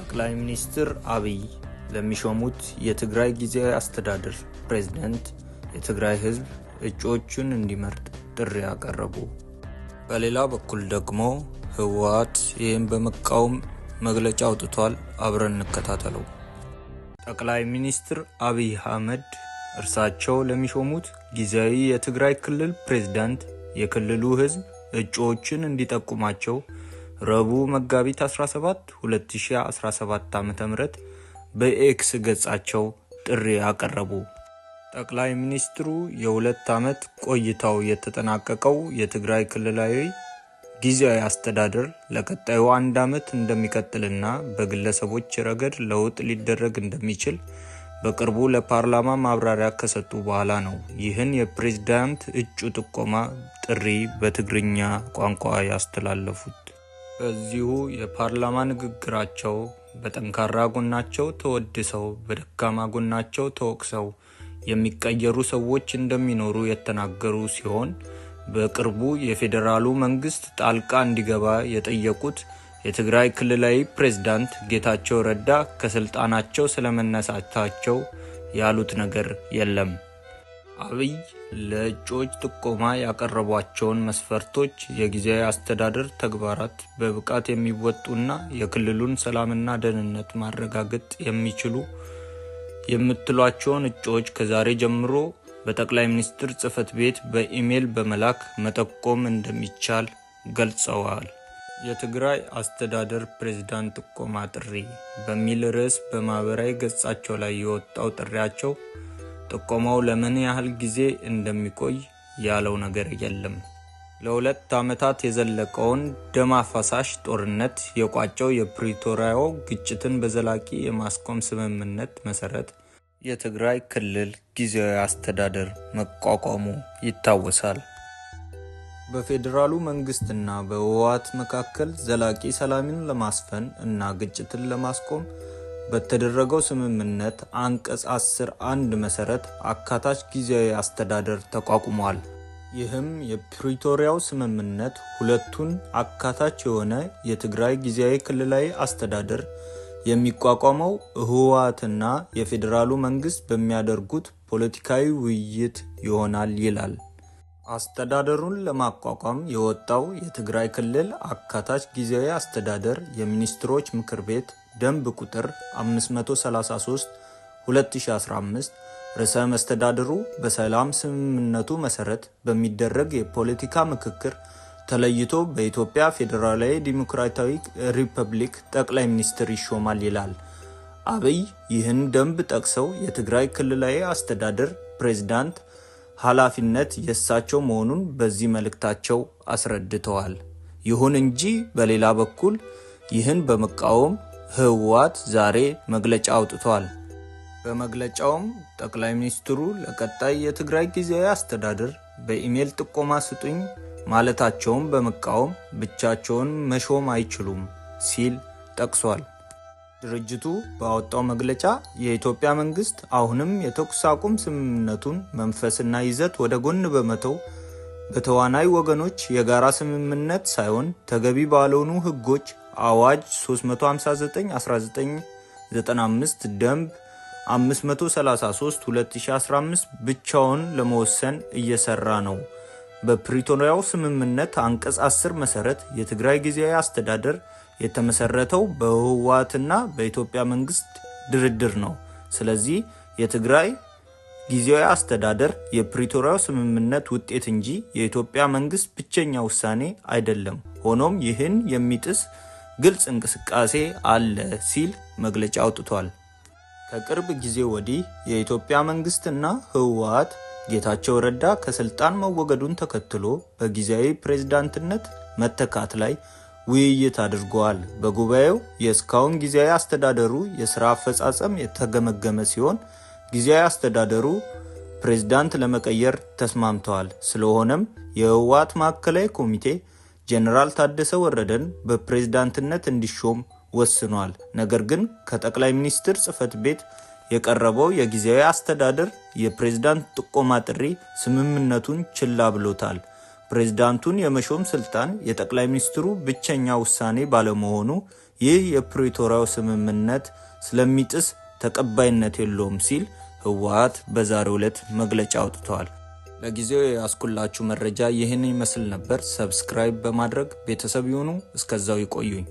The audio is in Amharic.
ጠቅላይ ሚኒስትር አብይ ለሚሾሙት የትግራይ ጊዜያዊ አስተዳደር ፕሬዝደንት የትግራይ ህዝብ እጩዎቹን እንዲመርጥ ጥሪ አቀረቡ። በሌላ በኩል ደግሞ ህወሓት ይህም በመቃወም መግለጫ አውጥቷል። አብረን እንከታተለው። ጠቅላይ ሚኒስትር አብይ አህመድ እርሳቸው ለሚሾሙት ጊዜያዊ የትግራይ ክልል ፕሬዝዳንት የክልሉ ህዝብ እጩዎችን እንዲጠቁማቸው ረቡዕ መጋቢት 17 2017 ዓ ም በኤክስ ገጻቸው ጥሪ አቀረቡ። ጠቅላይ ሚኒስትሩ የሁለት ዓመት ቆይታው የተጠናቀቀው የትግራይ ክልላዊ ጊዜያዊ አስተዳደር ለቀጣዩ አንድ ዓመት እንደሚቀጥልና በግለሰቦች ረገድ ለውጥ ሊደረግ እንደሚችል በቅርቡ ለፓርላማ ማብራሪያ ከሰጡ በኋላ ነው ይህን የፕሬዝዳንት እጩ ጥቆማ ጥሪ በትግርኛ ቋንቋ ያስተላለፉት። በዚሁ የፓርላማ ንግግራቸው በጠንካራ ጎናቸው ተወድሰው በደካማ ጎናቸው ተወቅሰው የሚቀየሩ ሰዎች እንደሚኖሩ የተናገሩ ሲሆን በቅርቡ የፌዴራሉ መንግስት ጣልቃ እንዲገባ የጠየቁት የትግራይ ክልላዊ ፕሬዝዳንት ጌታቸው ረዳ ከስልጣናቸው ስለመነሳታቸው ያሉት ነገር የለም። አብይ ለእጩዎች ጥቆማ ያቀረቧቸውን መስፈርቶች የጊዜያዊ አስተዳደር ተግባራት በብቃት የሚወጡና የክልሉን ሰላምና ደህንነት ማረጋገጥ የሚችሉ የምትሏቸውን እጩዎች ከዛሬ ጀምሮ በጠቅላይ ሚኒስትር ጽህፈት ቤት በኢሜይል በመላክ መጠቆም እንደሚቻል ገልጸዋል። የትግራይ አስተዳደር ፕሬዝዳንት ጥቆማ ጥሪ በሚል ርዕስ በማህበራዊ ገጻቸው ላይ የወጣው ጥሪያቸው ጥቆማው ለምን ያህል ጊዜ እንደሚቆይ ያለው ነገር የለም። ለሁለት ዓመታት የዘለቀውን ደም አፋሳሽ ጦርነት የቋጨው የፕሪቶሪያው ግጭትን በዘላቂ የማስቆም ስምምነት መሰረት የትግራይ ክልል ጊዜያዊ አስተዳደር መቋቋሙ ይታወሳል። በፌዴራሉ መንግስትና በህወሓት መካከል ዘላቂ ሰላምን ለማስፈን እና ግጭትን ለማስቆም በተደረገው ስምምነት አንቀጽ አስር አንድ መሰረት አካታች ጊዜያዊ አስተዳደር ተቋቁሟል። ይህም የፕሪቶሪያው ስምምነት ሁለቱን አካታች የሆነ የትግራይ ጊዜያዊ ክልላዊ አስተዳደር የሚቋቋመው ህወሓትና የፌዴራሉ መንግስት በሚያደርጉት ፖለቲካዊ ውይይት ይሆናል ይላል። አስተዳደሩን ለማቋቋም የወጣው የትግራይ ክልል አካታች ጊዜያዊ አስተዳደር የሚኒስትሮች ምክር ቤት ደንብ ቁጥር 533 2015 ርዕሰ መስተዳድሩ በሰላም ስምምነቱ መሰረት በሚደረግ የፖለቲካ ምክክር ተለይቶ በኢትዮጵያ ፌዴራላዊ ዲሞክራሲያዊ ሪፐብሊክ ጠቅላይ ሚኒስትር ይሾማል ይላል። አብይ ይህን ደንብ ጠቅሰው የትግራይ ክልላዊ አስተዳደር ፕሬዝዳንት ኃላፊነት የእሳቸው መሆኑን በዚህ መልእክታቸው አስረድተዋል። ይሁን እንጂ በሌላ በኩል ይህን በመቃወም ህወሓት ዛሬ መግለጫ አውጥቷል። በመግለጫውም ጠቅላይ ሚኒስትሩ ለቀጣይ የትግራይ ጊዜያዊ አስተዳደር በኢሜይል ጥቆማ ስጡኝ ማለታቸውን በመቃወም ብቻቸውን መሾም አይችሉም ሲል ጠቅሷል። ድርጅቱ ባወጣው መግለጫ የኢትዮጵያ መንግስት አሁንም የተኩስ አቁም ስምምነቱን መንፈስና ይዘት ወደ ጎን በመተው በተዋናይ ወገኖች የጋራ ስምምነት ሳይሆን ተገቢ ባልሆኑ ህጎች አዋጅ 359 1995 ደንብ 533 2015 ብቻውን ለመወሰን እየሰራ ነው። በፕሪቶሪያው ስምምነት አንቀጽ 10 መሰረት የትግራይ ጊዜያዊ አስተዳደር የተመሰረተው በህወሓትና በኢትዮጵያ መንግስት ድርድር ነው። ስለዚህ የትግራይ ጊዜያዊ አስተዳደር የፕሪቶሪያው ስምምነት ውጤት እንጂ የኢትዮጵያ መንግስት ብቸኛ ውሳኔ አይደለም። ሆኖም ይህን የሚጥስ ግልጽ እንቅስቃሴ አለ ሲል መግለጫ አውጥቷል። ከቅርብ ጊዜ ወዲህ የኢትዮጵያ መንግስትና ህወሓት ጌታቸው ረዳ ከስልጣን መወገዱን ተከትሎ በጊዜያዊ ፕሬዝዳንትነት መተካት ላይ ውይይት አድርገዋል። በጉባኤው የእስካሁን ጊዜያዊ አስተዳደሩ የስራ አፈጻጸም የተገመገመ ሲሆን ጊዜያዊ አስተዳደሩ ፕሬዝዳንት ለመቀየር ተስማምተዋል። ስለሆነም የህወሓት ማዕከላዊ ኮሚቴ ጄኔራል ታደሰ ወረደን በፕሬዝዳንትነት እንዲሾም ወስኗል። ነገር ግን ከጠቅላይ ሚኒስትር ጽህፈት ቤት የቀረበው የጊዜያዊ አስተዳደር የፕሬዝዳንት ጥቆማ ጥሪ ስምምነቱን ችላ ብሎታል። ፕሬዝዳንቱን የመሾም ስልጣን የጠቅላይ ሚኒስትሩ ብቸኛ ውሳኔ ባለመሆኑ ይህ የፕሪቶሪያው ስምምነት ስለሚጥስ ተቀባይነት የለውም ሲል ህወሓት በዛሬው ዕለት መግለጫ አውጥተዋል። ለጊዜው የያስኩላችሁ መረጃ ይህን ይመስል ነበር። ሰብስክራይብ በማድረግ ቤተሰብ ይሁኑ። እስከዛው ይቆዩኝ።